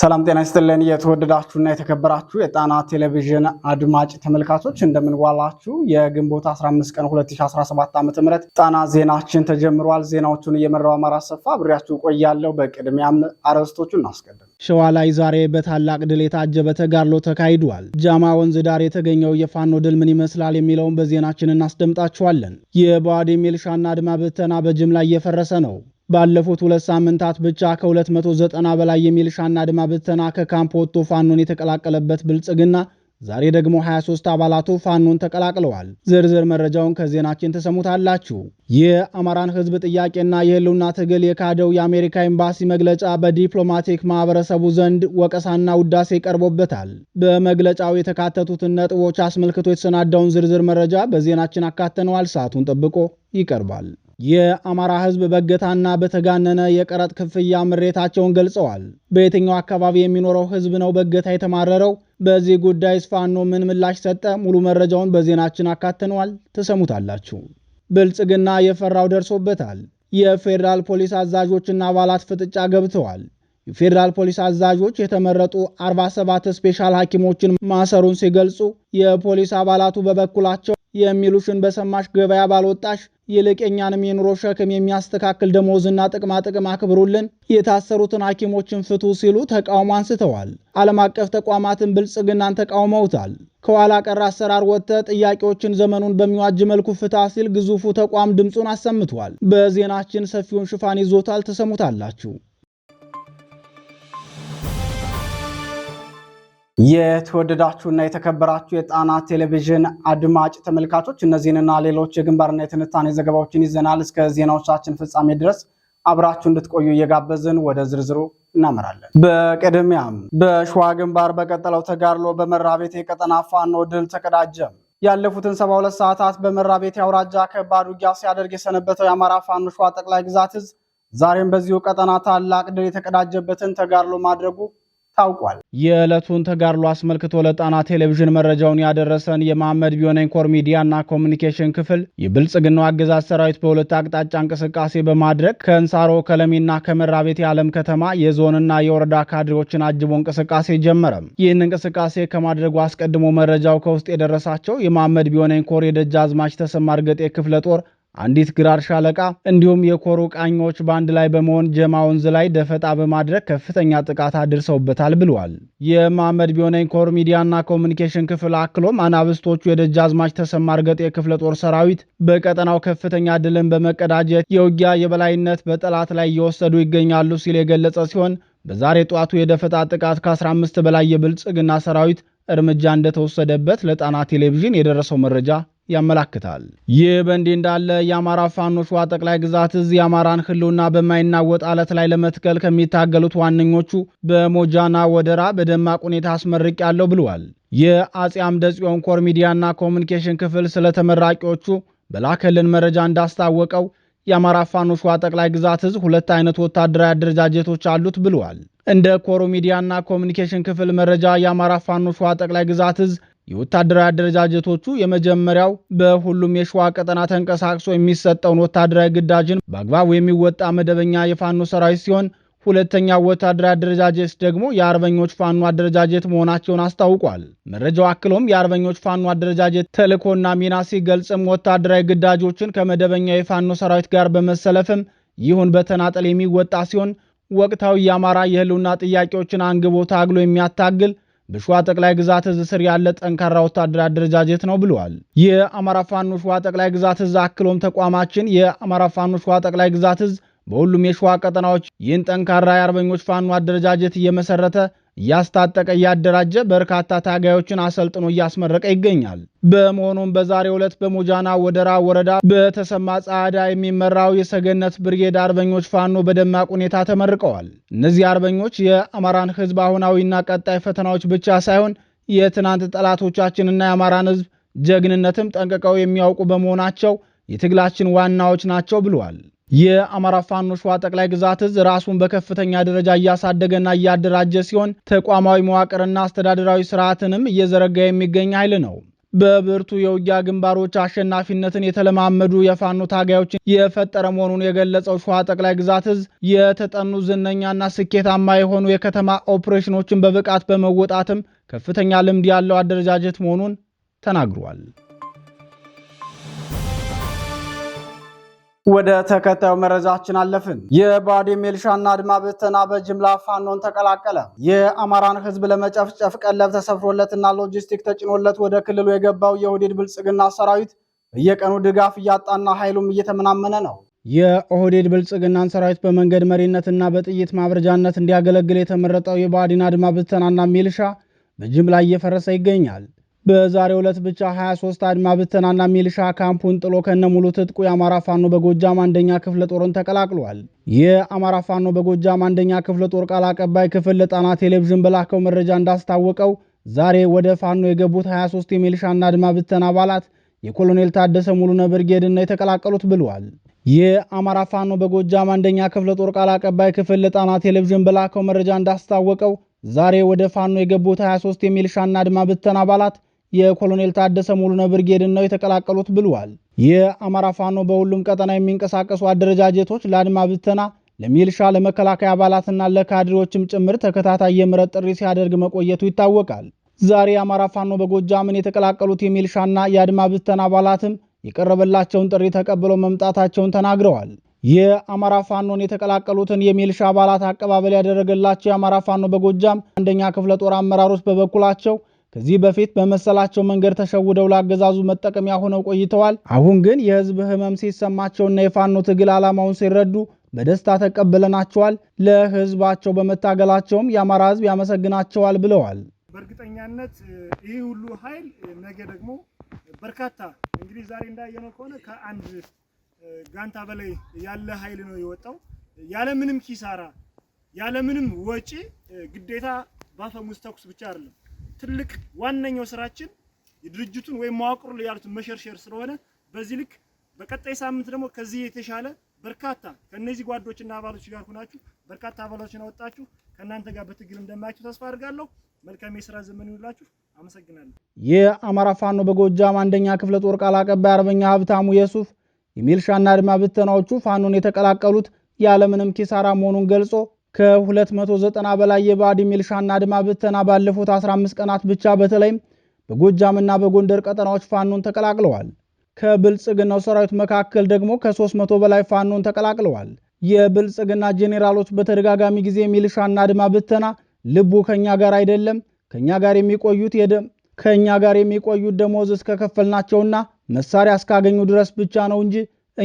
ሰላም ጤና ይስጥልን። የተወደዳችሁና የተከበራችሁ የጣና ቴሌቪዥን አድማጭ ተመልካቾች እንደምንዋላችሁ። የግንቦት 15 ቀን 2017 ዓ ም ጣና ዜናችን ተጀምሯል። ዜናዎቹን እየመራው አማራ ሰፋ ብሬያችሁ ቆያለሁ። በቅድሚያም አርዕስቶቹን እናስቀድም። ሸዋ ላይ ዛሬ በታላቅ ድል የታጀበ ተጋድሎ ተካሂዷል። ጃማ ወንዝ ዳር የተገኘው የፋኖ ድል ምን ይመስላል የሚለውን በዜናችን እናስደምጣችኋለን። የባዴ ሚልሻና አድማ ብተና በጅምላ እየፈረሰ ነው። ባለፉት ሁለት ሳምንታት ብቻ ከ290 በላይ የሚልሻና ድማ ብተና ከካምፕ ወጥቶ ፋኖን የተቀላቀለበት ብልጽግና ዛሬ ደግሞ 23 አባላቱ ፋኖን ተቀላቅለዋል። ዝርዝር መረጃውን ከዜናችን ተሰሙታላችሁ። የአማራን ሕዝብ ጥያቄና የህልውና ትግል የካደው የአሜሪካ ኤምባሲ መግለጫ በዲፕሎማቲክ ማህበረሰቡ ዘንድ ወቀሳና ውዳሴ ቀርቦበታል። በመግለጫው የተካተቱትን ነጥቦች አስመልክቶ የተሰናዳውን ዝርዝር መረጃ በዜናችን አካተነዋል። ሰዓቱን ጠብቆ ይቀርባል። የአማራ ሕዝብ በገታና በተጋነነ የቀረጥ ክፍያ ምሬታቸውን ገልጸዋል። በየትኛው አካባቢ የሚኖረው ሕዝብ ነው በገታ የተማረረው? በዚህ ጉዳይ ስፋኖ ምን ምላሽ ሰጠ? ሙሉ መረጃውን በዜናችን አካተነዋል፣ ትሰሙታላችሁ። ብልጽግና የፈራው ደርሶበታል። የፌዴራል ፖሊስ አዛዦችና አባላት ፍጥጫ ገብተዋል። የፌዴራል ፖሊስ አዛዦች የተመረጡ 47 ስፔሻል ሐኪሞችን ማሰሩን ሲገልጹ የፖሊስ አባላቱ በበኩላቸው የሚሉሽን በሰማሽ ገበያ ባልወጣሽ ይልቅ የእኛንም የኑሮ ሸክም የሚያስተካክል ደሞዝና ጥቅማጥቅም አክብሩልን፣ የታሰሩትን ሐኪሞችን ፍቱ ሲሉ ተቃውሞ አንስተዋል። ዓለም አቀፍ ተቋማትን ብልጽግናን ተቃውመውታል። ከኋላ ቀር አሰራር ወጥተ ጥያቄዎችን ዘመኑን በሚዋጅ መልኩ ፍታ ሲል ግዙፉ ተቋም ድምፁን አሰምቷል። በዜናችን ሰፊውን ሽፋን ይዞታል፣ ትሰሙታላችሁ። የተወደዳችሁና የተከበራችሁ የጣና ቴሌቪዥን አድማጭ ተመልካቾች እነዚህንና ሌሎች የግንባርና የትንታኔ ዘገባዎችን ይዘናል። እስከ ዜናዎቻችን ፍጻሜ ድረስ አብራችሁ እንድትቆዩ እየጋበዝን ወደ ዝርዝሩ እናመራለን። በቅድሚያም በሸዋ ግንባር በቀጠለው ተጋድሎ ቤት የቀጠና ፋኖ ድል ተቀዳጀ። ያለፉትን ሰባ ሁለት ሰዓታት ቤት አውራጃ ከባድ ውጊያ ሲያደርግ የሰነበተው የአማራ ፋኖ ሸዋ ጠቅላይ ግዛት እዝ ዛሬም በዚሁ ቀጠና ታላቅ ድል የተቀዳጀበትን ተጋድሎ ማድረጉ ታውቋል። የዕለቱን ተጋድሎ አስመልክቶ ለጣና ቴሌቪዥን መረጃውን ያደረሰን የመሐመድ ቢሆነኝ ኮር ሚዲያና ኮሚኒኬሽን ክፍል የብልጽግናው አገዛዝ ሰራዊት በሁለት አቅጣጫ እንቅስቃሴ በማድረግ ከእንሳሮ ከለሚና ከመራቤት የዓለም ከተማ የዞንና የወረዳ ካድሬዎችን አጅቦ እንቅስቃሴ ጀመረም ይህን እንቅስቃሴ ከማድረጉ አስቀድሞ መረጃው ከውስጥ የደረሳቸው የመሐመድ ቢሆነኝ ኮር የደጃዝማች ተሰማ እርገጤ ክፍለ ጦር አንዲት ግራር ሻለቃ እንዲሁም የኮሩ ቃኞች በአንድ ላይ በመሆን ጀማ ወንዝ ላይ ደፈጣ በማድረግ ከፍተኛ ጥቃት አድርሰውበታል ብለዋል። የማመድ ቢሆነኝ ኮር ሚዲያና ኮሚኒኬሽን ክፍል አክሎም አናብስቶቹ የደጃዝማች ተሰማ እርገጤ የክፍለ ጦር ሰራዊት በቀጠናው ከፍተኛ ድልን በመቀዳጀት የውጊያ የበላይነት በጠላት ላይ እየወሰዱ ይገኛሉ ሲል የገለጸ ሲሆን በዛሬ ጠዋቱ የደፈጣ ጥቃት ከ15 በላይ የብልጽግና ሰራዊት እርምጃ እንደተወሰደበት ለጣና ቴሌቪዥን የደረሰው መረጃ ያመላክታል። ይህ በእንዲህ እንዳለ የአማራ ፋኖ ሸዋ ጠቅላይ ግዛት እዝ የአማራን ህልውና በማይናወጥ አለት ላይ ለመትከል ከሚታገሉት ዋነኞቹ በሞጃና ወደራ በደማቅ ሁኔታ አስመርቅ ያለው ብለዋል። የአጼ አምደ ጽዮን ኮር ሚዲያና ኮሚኒኬሽን ክፍል ስለ ተመራቂዎቹ በላከልን መረጃ እንዳስታወቀው የአማራ ፋኖ ሸዋ ጠቅላይ ግዛት እዝ ሁለት አይነት ወታደራዊ አደረጃጀቶች አሉት ብለዋል። እንደ ኮሮ ሚዲያና ኮሚኒኬሽን ክፍል መረጃ የአማራ ፋኖ ሸዋ ጠቅላይ ግዛት እዝ የወታደራዊ አደረጃጀቶቹ የመጀመሪያው በሁሉም የሸዋ ቀጠና ተንቀሳቅሶ የሚሰጠውን ወታደራዊ ግዳጅን በአግባቡ የሚወጣ መደበኛ የፋኖ ሰራዊት ሲሆን ሁለተኛው ወታደራዊ አደረጃጀት ደግሞ የአርበኞች ፋኖ አደረጃጀት መሆናቸውን አስታውቋል። መረጃው አክሎም የአርበኞች ፋኖ አደረጃጀት ተልእኮና ሚና ሲገልጽም ወታደራዊ ግዳጆችን ከመደበኛ የፋኖ ሰራዊት ጋር በመሰለፍም ይሁን በተናጠል የሚወጣ ሲሆን ወቅታዊ የአማራ የህልውና ጥያቄዎችን አንግቦ ታግሎ የሚያታግል በሸዋ ጠቅላይ ግዛት እዝ ስር ያለ ጠንካራ ወታደር አደረጃጀት ነው ብለዋል። የአማራ ፋኖ ሸዋ ጠቅላይ ግዛት እዝ አክሎም ተቋማችን የአማራ ፋኖ ሸዋ ጠቅላይ ግዛት እዝ በሁሉም የሸዋ ቀጠናዎች ይህን ጠንካራ የአርበኞች ፋኖ አደረጃጀት እየመሰረተ እያስታጠቀ እያደራጀ በርካታ ታጋዮችን አሰልጥኖ እያስመረቀ ይገኛል። በመሆኑም በዛሬው ዕለት በሞጃና ወደራ ወረዳ በተሰማ ጻዕዳ የሚመራው የሰገነት ብርጌድ አርበኞች ፋኖ በደማቅ ሁኔታ ተመርቀዋል። እነዚህ አርበኞች የአማራን ሕዝብ አሁናዊና ቀጣይ ፈተናዎች ብቻ ሳይሆን የትናንት ጠላቶቻችንና የአማራን ሕዝብ ጀግንነትም ጠንቅቀው የሚያውቁ በመሆናቸው የትግላችን ዋናዎች ናቸው ብለዋል። የአማራ ፋኖ ሸዋ ጠቅላይ ግዛት እዝ ራሱን በከፍተኛ ደረጃ እያሳደገና እያደራጀ ሲሆን ተቋማዊ መዋቅርና አስተዳደራዊ ስርዓትንም እየዘረጋ የሚገኝ ኃይል ነው። በብርቱ የውጊያ ግንባሮች አሸናፊነትን የተለማመዱ የፋኖ ታጋዮችን የፈጠረ መሆኑን የገለጸው ሸዋ ጠቅላይ ግዛት እዝ የተጠኑ ዝነኛና ስኬታማ የሆኑ የከተማ ኦፕሬሽኖችን በብቃት በመወጣትም ከፍተኛ ልምድ ያለው አደረጃጀት መሆኑን ተናግሯል። ወደ ተከታዩ መረጃችን አለፍን። የባዴ ሜልሻና አድማ ብተና በጅምላ ፋኖን ተቀላቀለ። የአማራን ህዝብ ለመጨፍጨፍ ቀለብ ተሰፍሮለትና ሎጂስቲክ ተጭኖለት ወደ ክልሉ የገባው የኦህዴድ ብልጽግና ሰራዊት በየቀኑ ድጋፍ እያጣና ኃይሉም እየተመናመነ ነው። የኦህዴድ ብልጽግናን ሰራዊት በመንገድ መሪነትና በጥይት ማብረጃነት እንዲያገለግል የተመረጠው የባዴን አድማ ብተናና ሜልሻ በጅምላ እየፈረሰ ይገኛል። በዛሬ ዕለት ብቻ 23 አድማ ብተናና ሚልሻ ካምፑን ጥሎ ከነሙሉ ትጥቁ የአማራ ፋኖ በጎጃም አንደኛ ክፍለ ጦርን ተቀላቅሏል። የአማራ ፋኖ በጎጃም አንደኛ ክፍለ ጦር ቃል አቀባይ ክፍል ለጣና ቴሌቪዥን በላከው መረጃ እንዳስታወቀው ዛሬ ወደ ፋኖ የገቡት 23 የሚልሻና አድማ ብተና አባላት የኮሎኔል ታደሰ ሙሉ ነብርጌድና የተቀላቀሉት ብለዋል። የአማራ ፋኖ በጎጃም አንደኛ ክፍለ ጦር ቃል አቀባይ ክፍል ለጣና ቴሌቪዥን በላከው መረጃ እንዳስታወቀው ዛሬ ወደ ፋኖ የገቡት 23 የሚልሻና አድማ ብተና አባላት የኮሎኔል ታደሰ ሙሉነ ብርጌድን ነው የተቀላቀሉት ብለዋል። የአማራ ፋኖ በሁሉም ቀጠና የሚንቀሳቀሱ አደረጃጀቶች ለአድማ ብተና፣ ለሚልሻ፣ ለመከላከያ አባላትና ለካድሬዎችም ጭምር ተከታታይ የምረት ጥሪ ሲያደርግ መቆየቱ ይታወቃል። ዛሬ የአማራ ፋኖ በጎጃምን የተቀላቀሉት የሚልሻና የአድማ ብተና አባላትም የቀረበላቸውን ጥሪ ተቀብለው መምጣታቸውን ተናግረዋል። የአማራ ፋኖን የተቀላቀሉትን የሚልሻ አባላት አቀባበል ያደረገላቸው የአማራ ፋኖ በጎጃም አንደኛ ክፍለ ጦር አመራሮች በበኩላቸው ከዚህ በፊት በመሰላቸው መንገድ ተሸውደው ለአገዛዙ መጠቀሚያ ሆነው ቆይተዋል። አሁን ግን የህዝብ ህመም ሲሰማቸውና የፋኖ ትግል ዓላማውን ሲረዱ በደስታ ተቀብለናቸዋል፣ ለህዝባቸው በመታገላቸውም የአማራ ህዝብ ያመሰግናቸዋል ብለዋል። በእርግጠኛነት ይህ ሁሉ ኃይል ነገ ደግሞ በርካታ እንግዲህ ዛሬ እንዳየነው ከሆነ ከአንድ ጋንታ በላይ ያለ ኃይል ነው የወጣው ያለምንም ኪሳራ ያለምንም ወጪ ግዴታ ባፈሙዝ ተኩስ ብቻ አይደለም ትልቅ ዋነኛው ስራችን ድርጅቱን ወይም መዋቅሩ ላይ ያሉትን መሸርሸር ስለሆነ በዚህ ልክ በቀጣይ ሳምንት ደግሞ ከዚህ የተሻለ በርካታ ከነዚህ ጓዶችና አባሎች ጋር ሆናችሁ በርካታ አባሎችን አወጣችሁ ከእናንተ ጋር በትግል እንደማያችሁ ተስፋ አድርጋለሁ። መልካም የስራ ዘመን ይሁንላችሁ። አመሰግናለሁ። የአማራ ፋኖ በጎጃም አንደኛ ክፍለ ጦር ቃል አቀባይ አርበኛ ሀብታሙ የሱፍ የሚልሻና አድማ ብተናዎቹ ፋኖን የተቀላቀሉት ያለምንም ኪሳራ መሆኑን ገልጾ ከ290 በላይ የባዕድ ሚልሻና አድማ ብተና ባለፉት 15 ቀናት ብቻ በተለይም በጎጃምና በጎንደር ቀጠናዎች ፋኖን ተቀላቅለዋል። ከብልጽግናው ሰራዊት መካከል ደግሞ ከ300 በላይ ፋኖን ተቀላቅለዋል። የብልጽግና ጄኔራሎች በተደጋጋሚ ጊዜ ሚልሻና አድማ ብተና ልቡ ከኛ ጋር አይደለም፣ ከኛ ጋር የሚቆዩት የደም ከእኛ ጋር የሚቆዩት ደሞዝ እስከከፈልናቸውና መሳሪያ እስካገኙ ድረስ ብቻ ነው እንጂ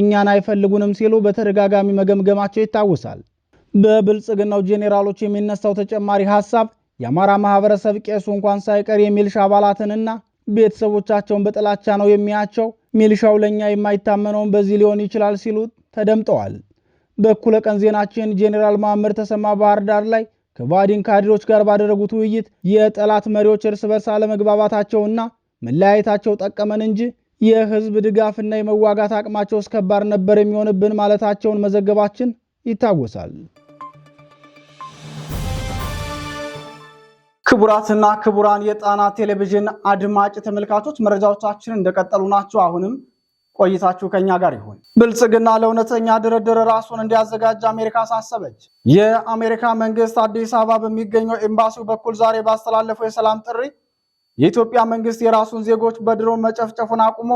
እኛን አይፈልጉንም ሲሉ በተደጋጋሚ መገምገማቸው ይታወሳል። በብልጽግናው ጄኔራሎች የሚነሳው ተጨማሪ ሀሳብ የአማራ ማህበረሰብ ቄሱ እንኳን ሳይቀር የሚልሻ አባላትንና ቤተሰቦቻቸውን በጥላቻ ነው የሚያቸው። ሚልሻው ለእኛ የማይታመነውን በዚህ ሊሆን ይችላል ሲሉ ተደምጠዋል። በእኩለ ቀን ዜናችን ጄኔራል መሐመድ ተሰማ ባህር ዳር ላይ ከባድን ካድሮች ጋር ባደረጉት ውይይት የጠላት መሪዎች እርስ በርስ አለመግባባታቸውና መለያየታቸው ጠቀመን እንጂ የህዝብ ድጋፍና የመዋጋት አቅማቸው እስከባድ ነበር የሚሆንብን ማለታቸውን መዘገባችን ይታወሳል። ክቡራትና ክቡራን የጣና ቴሌቪዥን አድማጭ ተመልካቾች መረጃዎቻችን እንደቀጠሉ ናቸው። አሁንም ቆይታችሁ ከኛ ጋር ይሁን። ብልጽግና ለእውነተኛ ድርድር ራሱን እንዲያዘጋጅ አሜሪካ አሳሰበች። የአሜሪካ መንግስት አዲስ አበባ በሚገኘው ኤምባሲው በኩል ዛሬ ባስተላለፈው የሰላም ጥሪ የኢትዮጵያ መንግስት የራሱን ዜጎች በድሮን መጨፍጨፉን አቁሞ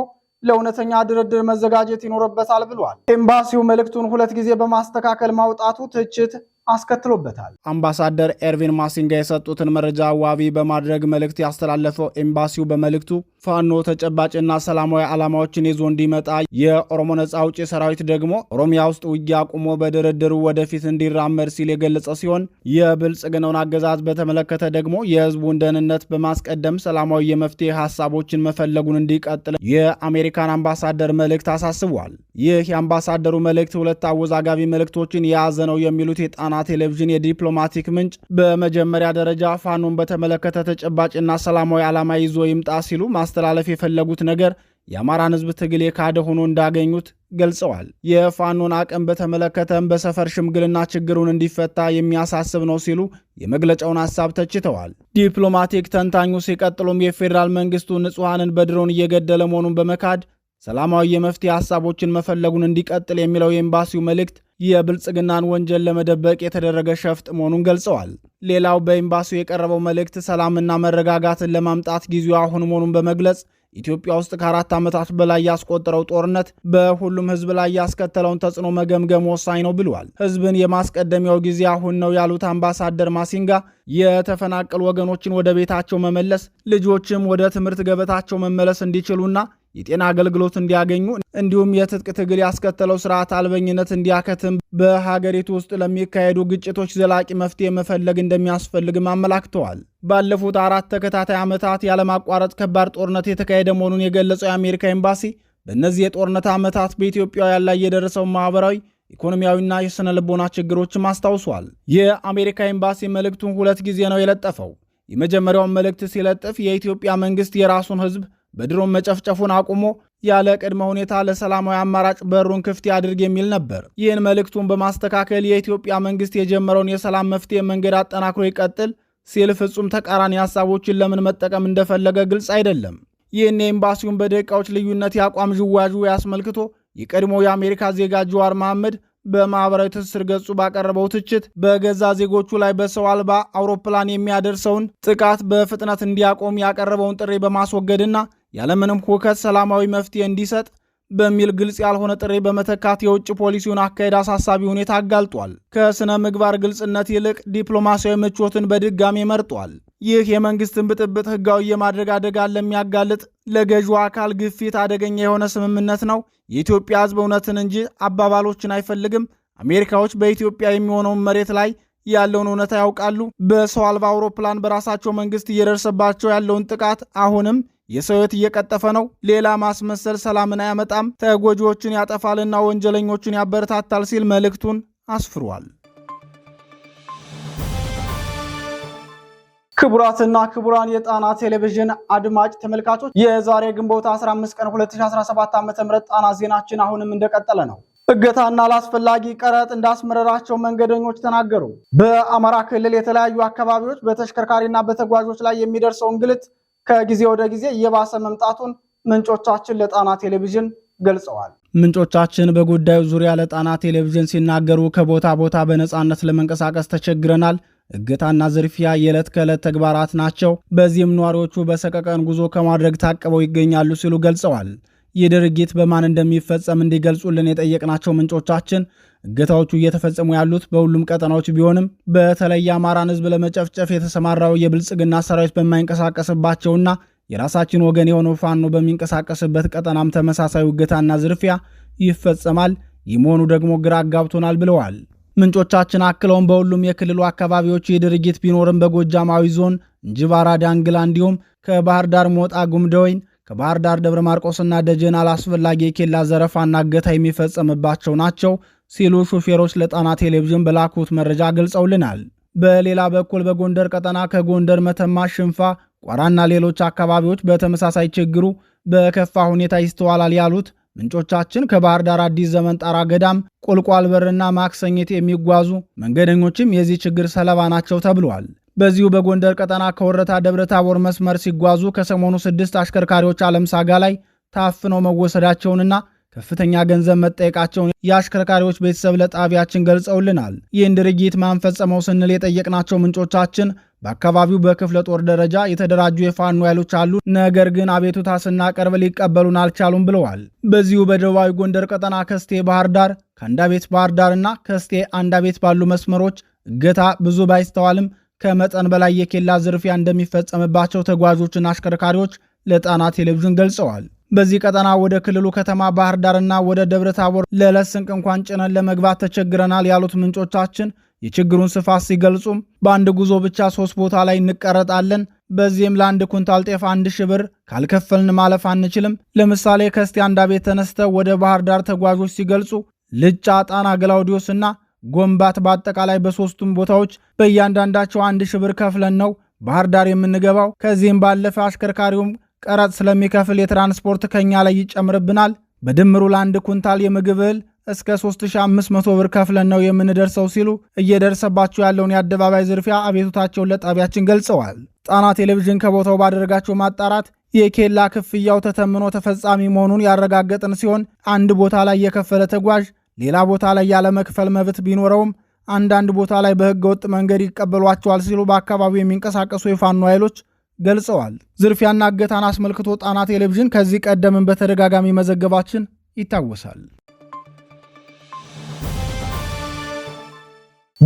ለእውነተኛ ድርድር መዘጋጀት ይኖርበታል ብሏል። ኤምባሲው መልእክቱን ሁለት ጊዜ በማስተካከል ማውጣቱ ትችት አስከትሎበታል። አምባሳደር ኤርቪን ማሲንጋ የሰጡትን መረጃ ዋቢ በማድረግ መልእክት ያስተላለፈው ኤምባሲው በመልእክቱ ፋኖ ተጨባጭና ሰላማዊ ዓላማዎችን ይዞ እንዲመጣ፣ የኦሮሞ ነጻ አውጪ ሰራዊት ደግሞ ኦሮሚያ ውስጥ ውጊያ አቁሞ በድርድሩ ወደፊት እንዲራመድ ሲል የገለጸ ሲሆን የብልጽግናውን አገዛዝ በተመለከተ ደግሞ የህዝቡን ደህንነት በማስቀደም ሰላማዊ የመፍትሄ ሀሳቦችን መፈለጉን እንዲቀጥል የአሜሪካን አምባሳደር መልእክት አሳስቧል። ይህ የአምባሳደሩ መልእክት ሁለት አወዛጋቢ መልእክቶችን የያዘ ነው የሚሉት የጣና ቴሌቪዥን የዲፕሎማቲክ ምንጭ በመጀመሪያ ደረጃ ፋኖን በተመለከተ ተጨባጭና ሰላማዊ ዓላማ ይዞ ይምጣ ሲሉ ማስተላለፍ የፈለጉት ነገር የአማራን ሕዝብ ትግል የካደ ሆኖ እንዳገኙት ገልጸዋል። የፋኖን አቅም በተመለከተም በሰፈር ሽምግልና ችግሩን እንዲፈታ የሚያሳስብ ነው ሲሉ የመግለጫውን ሀሳብ ተችተዋል። ዲፕሎማቲክ ተንታኙ ሲቀጥሉም የፌዴራል መንግስቱ ንጹሐንን በድሮን እየገደለ መሆኑን በመካድ ሰላማዊ የመፍትሄ ሀሳቦችን መፈለጉን እንዲቀጥል የሚለው የኤምባሲው መልእክት የብልጽግናን ወንጀል ለመደበቅ የተደረገ ሸፍጥ መሆኑን ገልጸዋል። ሌላው በኤምባሲው የቀረበው መልእክት ሰላምና መረጋጋትን ለማምጣት ጊዜው አሁን መሆኑን በመግለጽ ኢትዮጵያ ውስጥ ከአራት ዓመታት በላይ ያስቆጠረው ጦርነት በሁሉም ሕዝብ ላይ ያስከተለውን ተጽዕኖ መገምገም ወሳኝ ነው ብለዋል። ሕዝብን የማስቀደሚያው ጊዜ አሁን ነው ያሉት አምባሳደር ማሲንጋ የተፈናቀሉ ወገኖችን ወደ ቤታቸው መመለስ፣ ልጆችም ወደ ትምህርት ገበታቸው መመለስ እንዲችሉና የጤና አገልግሎት እንዲያገኙ እንዲሁም የትጥቅ ትግል ያስከተለው ስርዓት አልበኝነት እንዲያከትም በሀገሪቱ ውስጥ ለሚካሄዱ ግጭቶች ዘላቂ መፍትሄ መፈለግ እንደሚያስፈልግም አመላክተዋል። ባለፉት አራት ተከታታይ ዓመታት ያለማቋረጥ ከባድ ጦርነት የተካሄደ መሆኑን የገለጸው የአሜሪካ ኤምባሲ በእነዚህ የጦርነት ዓመታት በኢትዮጵያውያን ላይ የደረሰው ማኅበራዊ ኢኮኖሚያዊና የሥነ ልቦና ችግሮችም አስታውሷል። የአሜሪካ ኤምባሲ መልእክቱን ሁለት ጊዜ ነው የለጠፈው። የመጀመሪያውን መልእክት ሲለጥፍ የኢትዮጵያ መንግሥት የራሱን ሕዝብ በድሮን መጨፍጨፉን አቁሞ ያለ ቅድመ ሁኔታ ለሰላማዊ አማራጭ በሩን ክፍት ያድርግ የሚል ነበር። ይህን መልእክቱን በማስተካከል የኢትዮጵያ መንግስት የጀመረውን የሰላም መፍትሄ መንገድ አጠናክሮ ይቀጥል ሲል ፍጹም ተቃራኒ ሀሳቦችን ለምን መጠቀም እንደፈለገ ግልጽ አይደለም። ይህን የኤምባሲውን በደቂቃዎች ልዩነት የአቋም ዥዋዥዌ አስመልክቶ የቀድሞው የአሜሪካ ዜጋ ጀዋር መሐመድ በማኅበራዊ ትስስር ገጹ ባቀረበው ትችት በገዛ ዜጎቹ ላይ በሰው አልባ አውሮፕላን የሚያደርሰውን ጥቃት በፍጥነት እንዲያቆም ያቀረበውን ጥሪ በማስወገድና ያለምንም ሁከት ሰላማዊ መፍትሄ እንዲሰጥ በሚል ግልጽ ያልሆነ ጥሪ በመተካት የውጭ ፖሊሲውን አካሄድ አሳሳቢ ሁኔታ አጋልጧል። ከሥነ ምግባር ግልጽነት ይልቅ ዲፕሎማሲያዊ ምቾትን በድጋሚ መርጧል። ይህ የመንግስትን ብጥብጥ ህጋዊ የማድረግ አደጋን ለሚያጋልጥ ለገዢው አካል ግፊት አደገኛ የሆነ ስምምነት ነው። የኢትዮጵያ ህዝብ እውነትን እንጂ አባባሎችን አይፈልግም። አሜሪካዎች በኢትዮጵያ የሚሆነውን መሬት ላይ ያለውን እውነታ ያውቃሉ። በሰው አልባ አውሮፕላን በራሳቸው መንግስት እየደረሰባቸው ያለውን ጥቃት አሁንም የሰው ሕይወት እየቀጠፈ ነው። ሌላ ማስመሰል ሰላምን አያመጣም፣ ተጎጂዎችን ያጠፋልና ወንጀለኞቹን ያበረታታል ሲል መልእክቱን አስፍሯል። ክቡራትና ክቡራን የጣና ቴሌቪዥን አድማጭ ተመልካቾች የዛሬ ግንቦት 15 ቀን 2017 ዓ.ም ጣና ዜናችን አሁንም እንደቀጠለ ነው። እገታና አላስፈላጊ ቀረጥ እንዳስመረራቸው መንገደኞች ተናገሩ። በአማራ ክልል የተለያዩ አካባቢዎች በተሽከርካሪና በተጓዦች ላይ የሚደርሰው እንግልት ከጊዜ ወደ ጊዜ እየባሰ መምጣቱን ምንጮቻችን ለጣና ቴሌቪዥን ገልጸዋል። ምንጮቻችን በጉዳዩ ዙሪያ ለጣና ቴሌቪዥን ሲናገሩ ከቦታ ቦታ በነፃነት ለመንቀሳቀስ ተቸግረናል። እገታና ዝርፊያ የዕለት ከዕለት ተግባራት ናቸው። በዚህም ነዋሪዎቹ በሰቀቀን ጉዞ ከማድረግ ታቅበው ይገኛሉ ሲሉ ገልጸዋል። ይህ ድርጊት በማን እንደሚፈጸም እንዲገልጹልን የጠየቅናቸው ምንጮቻችን እገታዎቹ እየተፈጸሙ ያሉት በሁሉም ቀጠናዎች ቢሆንም በተለይ አማራን ህዝብ ለመጨፍጨፍ የተሰማራው የብልጽግና ሰራዊት በማይንቀሳቀስባቸውና የራሳችን ወገን የሆነው ፋኖ በሚንቀሳቀስበት ቀጠናም ተመሳሳይ እገታና ዝርፊያ ይፈጸማል። ይህ መሆኑ ደግሞ ግራ አጋብቶናል ብለዋል። ምንጮቻችን አክለውም በሁሉም የክልሉ አካባቢዎች ይህ ድርጊት ቢኖርም በጎጃማዊ ዞን እንጅባራ ዳንግላ፣ እንዲሁም ከባህር ዳር ሞጣ ጉምደወይን ከባህር ዳር ደብረ ማርቆስና ደጀን አላስፈላጊ የኬላ ዘረፋና እገታ የሚፈጸምባቸው ናቸው ሲሉ ሹፌሮች ለጣና ቴሌቪዥን በላኩት መረጃ ገልጸውልናል። በሌላ በኩል በጎንደር ቀጠና ከጎንደር መተማ፣ ሽንፋ፣ ቋራና ሌሎች አካባቢዎች በተመሳሳይ ችግሩ በከፋ ሁኔታ ይስተዋላል ያሉት ምንጮቻችን ከባህር ዳር አዲስ ዘመን ጣራ ገዳም፣ ቁልቋል በርና ማክሰኝት የሚጓዙ መንገደኞችም የዚህ ችግር ሰለባ ናቸው ተብሏል። በዚሁ በጎንደር ቀጠና ከወረታ ደብረታቦር መስመር ሲጓዙ ከሰሞኑ ስድስት አሽከርካሪዎች አለም ሳጋ ላይ ታፍነው መወሰዳቸውንና ከፍተኛ ገንዘብ መጠየቃቸውን የአሽከርካሪዎች ቤተሰብ ለጣቢያችን ገልጸውልናል። ይህን ድርጊት ማንፈጸመው ስንል የጠየቅናቸው ምንጮቻችን በአካባቢው በክፍለ ጦር ደረጃ የተደራጁ የፋኖ ኃይሎች አሉ፣ ነገር ግን አቤቱታ ስናቀርብ ሊቀበሉን አልቻሉም ብለዋል። በዚሁ በደቡባዊ ጎንደር ቀጠና ከስቴ ባህር ዳር፣ ከአንዳቤት ባህር ዳር እና ከስቴ አንዳቤት ባሉ መስመሮች እገታ ብዙ ባይስተዋልም ከመጠን በላይ የኬላ ዝርፊያ እንደሚፈጸምባቸው ተጓዦችና አሽከርካሪዎች ለጣና ቴሌቪዥን ገልጸዋል። በዚህ ቀጠና ወደ ክልሉ ከተማ ባህር ዳርና ወደ ደብረ ታቦር ለዕለት ስንቅ እንኳን ጭነን ለመግባት ተቸግረናል ያሉት ምንጮቻችን የችግሩን ስፋት ሲገልጹም በአንድ ጉዞ ብቻ ሶስት ቦታ ላይ እንቀረጣለን። በዚህም ለአንድ ኩንታል ጤፍ አንድ ሺህ ብር ካልከፈልን ማለፍ አንችልም። ለምሳሌ ከእስቴ አንዳቤት ተነስተው ወደ ባህር ዳር ተጓዦች ሲገልጹ ልጫ፣ ጣና ግላውዲዮስና። ጎንባት በአጠቃላይ በሶስቱም ቦታዎች በእያንዳንዳቸው አንድ ሺህ ብር ከፍለን ነው ባህር ዳር የምንገባው። ከዚህም ባለፈ አሽከርካሪውም ቀረጥ ስለሚከፍል የትራንስፖርት ከኛ ላይ ይጨምርብናል። በድምሩ ለአንድ ኩንታል የምግብ እህል እስከ 3500 ብር ከፍለን ነው የምንደርሰው ሲሉ እየደረሰባቸው ያለውን የአደባባይ ዝርፊያ አቤቱታቸውን ለጣቢያችን ገልጸዋል። ጣና ቴሌቪዥን ከቦታው ባደረጋቸው ማጣራት የኬላ ክፍያው ተተምኖ ተፈጻሚ መሆኑን ያረጋገጥን ሲሆን አንድ ቦታ ላይ የከፈለ ተጓዥ ሌላ ቦታ ላይ ያለመክፈል መብት ቢኖረውም አንዳንድ ቦታ ላይ በሕገ ወጥ መንገድ ይቀበሏቸዋል ሲሉ በአካባቢው የሚንቀሳቀሱ የፋኖ ኃይሎች ገልጸዋል። ዝርፊያና እገታን አስመልክቶ ጣና ቴሌቪዥን ከዚህ ቀደምን በተደጋጋሚ መዘገባችን ይታወሳል።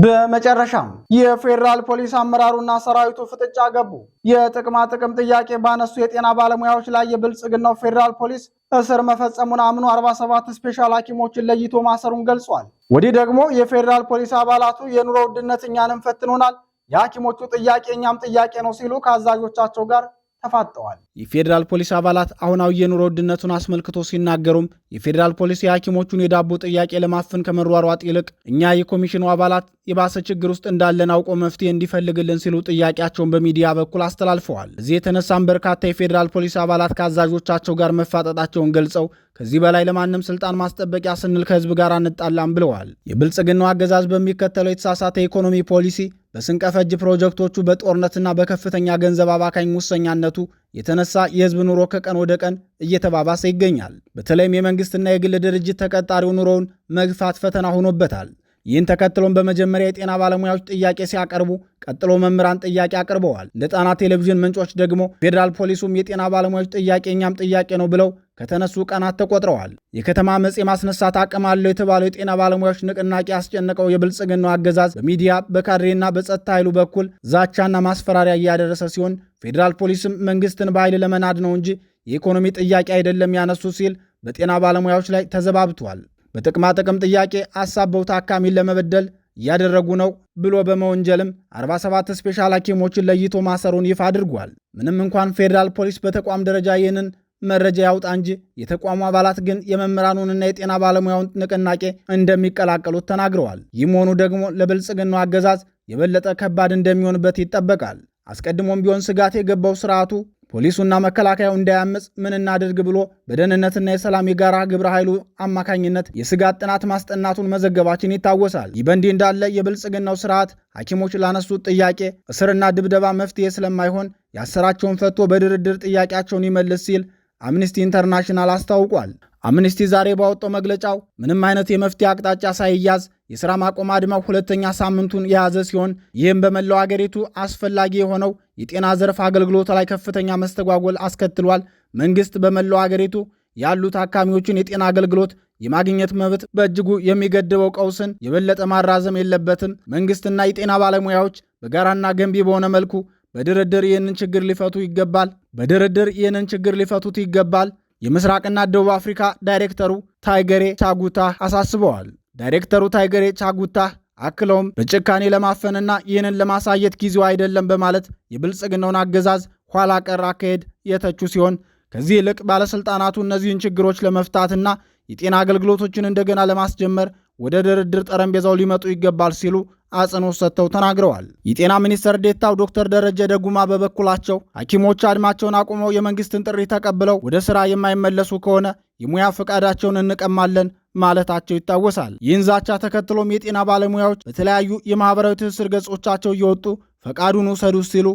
በመጨረሻም የፌዴራል ፖሊስ አመራሩና ሰራዊቱ ፍጥጫ ገቡ። የጥቅማ ጥቅም ጥያቄ ባነሱ የጤና ባለሙያዎች ላይ የብልጽግናው ፌዴራል ፖሊስ እስር መፈጸሙን አምኖ 47 ስፔሻል ሐኪሞችን ለይቶ ማሰሩን ገልጿል። ወዲህ ደግሞ የፌዴራል ፖሊስ አባላቱ የኑሮ ውድነት እኛንም ፈትኖናል፣ የሐኪሞቹ ጥያቄ እኛም ጥያቄ ነው ሲሉ ከአዛዦቻቸው ጋር ተፋጠዋል። የፌዴራል ፖሊስ አባላት አሁናዊ የኑሮ ውድነቱን አስመልክቶ ሲናገሩም የፌዴራል ፖሊስ የሐኪሞቹን የዳቦ ጥያቄ ለማፈን ከመሯሯጥ ይልቅ እኛ የኮሚሽኑ አባላት የባሰ ችግር ውስጥ እንዳለን አውቆ መፍትሄ እንዲፈልግልን ሲሉ ጥያቄያቸውን በሚዲያ በኩል አስተላልፈዋል። እዚህ የተነሳም በርካታ የፌዴራል ፖሊስ አባላት ከአዛዦቻቸው ጋር መፋጠጣቸውን ገልጸው ከዚህ በላይ ለማንም ስልጣን ማስጠበቂያ ስንል ከህዝብ ጋር አንጣላም ብለዋል። የብልጽግናው አገዛዝ በሚከተለው የተሳሳተ ኢኮኖሚ ፖሊሲ በስንቀፈጅ ፕሮጀክቶቹ በጦርነትና በከፍተኛ ገንዘብ አባካኝ ሙሰኛነቱ የተነሳ የህዝብ ኑሮ ከቀን ወደ ቀን እየተባባሰ ይገኛል። በተለይም የመንግስትና የግል ድርጅት ተቀጣሪው ኑሮውን መግፋት ፈተና ሆኖበታል። ይህን ተከትሎም በመጀመሪያ የጤና ባለሙያዎች ጥያቄ ሲያቀርቡ ቀጥሎ መምህራን ጥያቄ አቅርበዋል። እንደ ጣና ቴሌቪዥን ምንጮች ደግሞ ፌዴራል ፖሊሱም የጤና ባለሙያዎች ጥያቄ እኛም ጥያቄ ነው ብለው ከተነሱ ቀናት ተቆጥረዋል። የከተማ መጽ ማስነሳት አቅም አለው የተባለው የጤና ባለሙያዎች ንቅናቄ ያስጨነቀው የብልጽግናው አገዛዝ በሚዲያ በካድሬና በጸጥታ ኃይሉ በኩል ዛቻና ማስፈራሪያ እያደረሰ ሲሆን ፌዴራል ፖሊስም መንግስትን በኃይል ለመናድ ነው እንጂ የኢኮኖሚ ጥያቄ አይደለም ያነሱ ሲል በጤና ባለሙያዎች ላይ ተዘባብቷል። በጥቅማ ጥቅም ጥያቄ አሳበው ታካሚን ለመበደል እያደረጉ ነው ብሎ በመወንጀልም 47 ስፔሻል ሐኪሞችን ለይቶ ማሰሩን ይፋ አድርጓል። ምንም እንኳን ፌዴራል ፖሊስ በተቋም ደረጃ ይህንን መረጃ ያውጣ እንጂ የተቋሙ አባላት ግን የመምህራኑንና የጤና ባለሙያውን ንቅናቄ እንደሚቀላቀሉት ተናግረዋል። ይህ መሆኑ ደግሞ ለብልጽግናው አገዛዝ የበለጠ ከባድ እንደሚሆንበት ይጠበቃል። አስቀድሞም ቢሆን ስጋት የገባው ስርዓቱ ፖሊሱና መከላከያው እንዳያምፅ ምን እናድርግ ብሎ በደህንነትና የሰላም የጋራ ግብረ ኃይሉ አማካኝነት የስጋት ጥናት ማስጠናቱን መዘገባችን ይታወሳል። ይህ በእንዲህ እንዳለ የብልጽግናው ስርዓት ሐኪሞች ላነሱት ጥያቄ እስርና ድብደባ መፍትሄ ስለማይሆን ያሰራቸውን ፈቶ በድርድር ጥያቄያቸውን ይመልስ ሲል አምኒስቲ ኢንተርናሽናል አስታውቋል። አምኒስቲ ዛሬ ባወጣው መግለጫው ምንም አይነት የመፍትሄ አቅጣጫ ሳይያዝ የሥራ ማቆም አድማው ሁለተኛ ሳምንቱን የያዘ ሲሆን ይህም በመላው አገሪቱ አስፈላጊ የሆነው የጤና ዘርፍ አገልግሎት ላይ ከፍተኛ መስተጓጎል አስከትሏል። መንግሥት በመላው አገሪቱ ያሉ ታካሚዎችን የጤና አገልግሎት የማግኘት መብት በእጅጉ የሚገድበው ቀውስን የበለጠ ማራዘም የለበትም። መንግሥትና የጤና ባለሙያዎች በጋራና ገንቢ በሆነ መልኩ በድርድር ይህንን ችግር ሊፈቱ ይገባል። በድርድር ይህንን ችግር ሊፈቱት ይገባል። የምስራቅና ደቡብ አፍሪካ ዳይሬክተሩ ታይገሬ ታጉታ አሳስበዋል። ዳይሬክተሩ ታይገሬ ቻጉታ አክለውም በጭካኔ ለማፈንና ይህንን ለማሳየት ጊዜው አይደለም በማለት የብልጽግናውን አገዛዝ ኋላ ቀር አካሄድ የተቹ ሲሆን ከዚህ ይልቅ ባለሥልጣናቱ እነዚህን ችግሮች ለመፍታትና የጤና አገልግሎቶችን እንደገና ለማስጀመር ወደ ድርድር ጠረጴዛው ሊመጡ ይገባል ሲሉ አጽንኦት ሰጥተው ተናግረዋል። የጤና ሚኒስትር ዴታው ዶክተር ደረጀ ደጉማ በበኩላቸው ሐኪሞች አድማቸውን አቁመው የመንግስትን ጥሪ ተቀብለው ወደ ስራ የማይመለሱ ከሆነ የሙያ ፈቃዳቸውን እንቀማለን ማለታቸው ይታወሳል። ይህን ዛቻ ተከትሎም የጤና ባለሙያዎች በተለያዩ የማህበራዊ ትስስር ገጾቻቸው እየወጡ ፈቃዱን ውሰዱ ሲሉ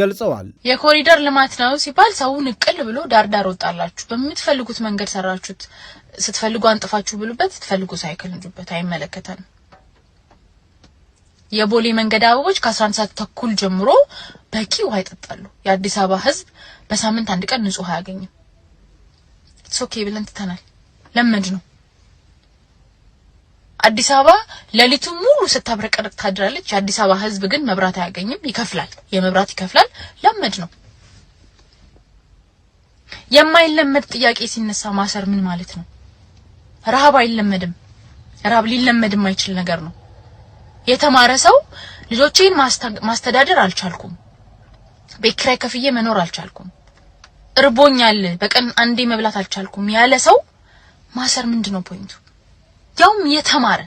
ገልጸዋል። የኮሪደር ልማት ነው ሲባል ሰው ንቅል ብሎ ዳርዳር ወጣላችሁ፣ በምትፈልጉት መንገድ ሰራችሁት፣ ስትፈልጉ አንጥፋችሁ ብሉበት፣ ስትፈልጉ ሳይክል እንጁበት፣ አይመለከተንም የቦሌ መንገድ አበቦች ከ11 ሰዓት ተኩል ጀምሮ በቂ ውሃ ይጠጣሉ። የአዲስ አበባ ህዝብ በሳምንት አንድ ቀን ንጹህ ውሃ አያገኝም። ሶኬ ብለን ትተናል። ለመድ ነው። አዲስ አበባ ሌሊቱ ሙሉ ስታብረቀርቅ ታድራለች። የአዲስ አበባ ህዝብ ግን መብራት አያገኝም። ይከፍላል፣ የመብራት ይከፍላል። ለመድ ነው። የማይለመድ ጥያቄ ሲነሳ ማሰር ምን ማለት ነው? ረሃብ አይለመድም። ረሃብ ሊለመድም አይችል ነገር ነው። የተማረ ሰው ልጆቼን ማስተዳደር አልቻልኩም፣ ቤት ኪራይ ከፍዬ መኖር አልቻልኩም፣ እርቦኛል፣ በቀን አንዴ መብላት አልቻልኩም ያለ ሰው ማሰር ምንድን ነው ፖይንቱ? ያውም የተማረ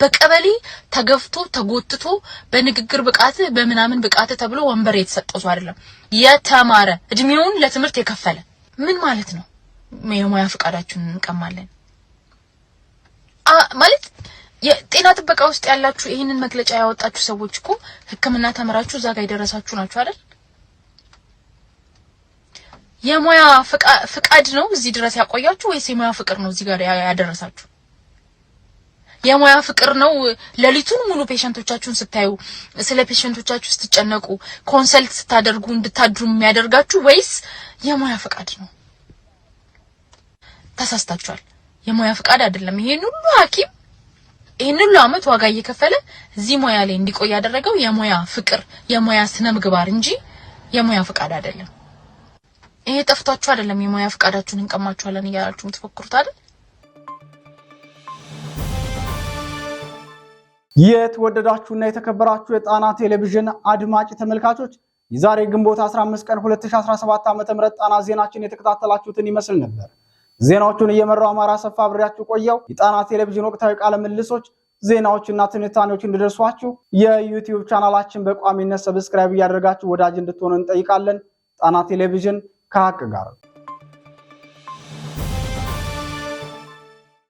በቀበሌ ተገፍቶ ተጎትቶ በንግግር ብቃት በምናምን ብቃት ተብሎ ወንበር የተሰጠው ሰው አይደለም። የተማረ እድሜውን ለትምህርት የከፈለ ምን ማለት ነው? የሙያ ፈቃዳችሁን እንቀማለን ማለት የጤና ጥበቃ ውስጥ ያላችሁ ይህንን መግለጫ ያወጣችሁ ሰዎች እኮ ሕክምና ተምራችሁ እዛ ጋር የደረሳችሁ ናችሁ አይደል? የሙያ ፍቃድ ነው እዚህ ድረስ ያቆያችሁ ወይስ የሙያ ፍቅር ነው እዚህ ጋር ያደረሳችሁ? የሙያ ፍቅር ነው ሌሊቱን ሙሉ ፔሸንቶቻችሁን ስታዩ፣ ስለ ፔሸንቶቻችሁ ስትጨነቁ፣ ኮንሰልት ስታደርጉ እንድታድሩ የሚያደርጋችሁ ወይስ የሙያ ፍቃድ ነው? ተሳስታችኋል። የሙያ ፍቃድ አይደለም። ይሄን ሁሉ ሐኪም ይህን ሁሉ አመት ዋጋ እየከፈለ እዚህ ሙያ ላይ እንዲቆይ ያደረገው የሙያ ፍቅር፣ የሙያ ስነ ምግባር እንጂ የሙያ ፍቃድ አይደለም። ይሄ ጠፍቷችሁ አይደለም የሙያ ፍቃዳችሁን እንቀማችኋለን እያላችሁ የምትፎክሩት አይደል? የተወደዳችሁና የተከበራችሁ የጣና ቴሌቪዥን አድማጭ ተመልካቾች የዛሬ ግንቦት 15 ቀን 2017 ዓ.ም ጣና ዜናችን የተከታተላችሁትን ይመስል ነበር። ዜናዎቹን እየመራው አማራ ሰፋ አብሬያችሁ ቆየው። የጣና ቴሌቪዥን ወቅታዊ ቃለ ምልሶች፣ ዜናዎችና ትንታኔዎች እንዲደርሷችሁ የዩቲዩብ ቻናላችን በቋሚነት ሰብስክራይብ እያደረጋችሁ ወዳጅ እንድትሆኑ እንጠይቃለን። ጣና ቴሌቪዥን ከሀቅ ጋር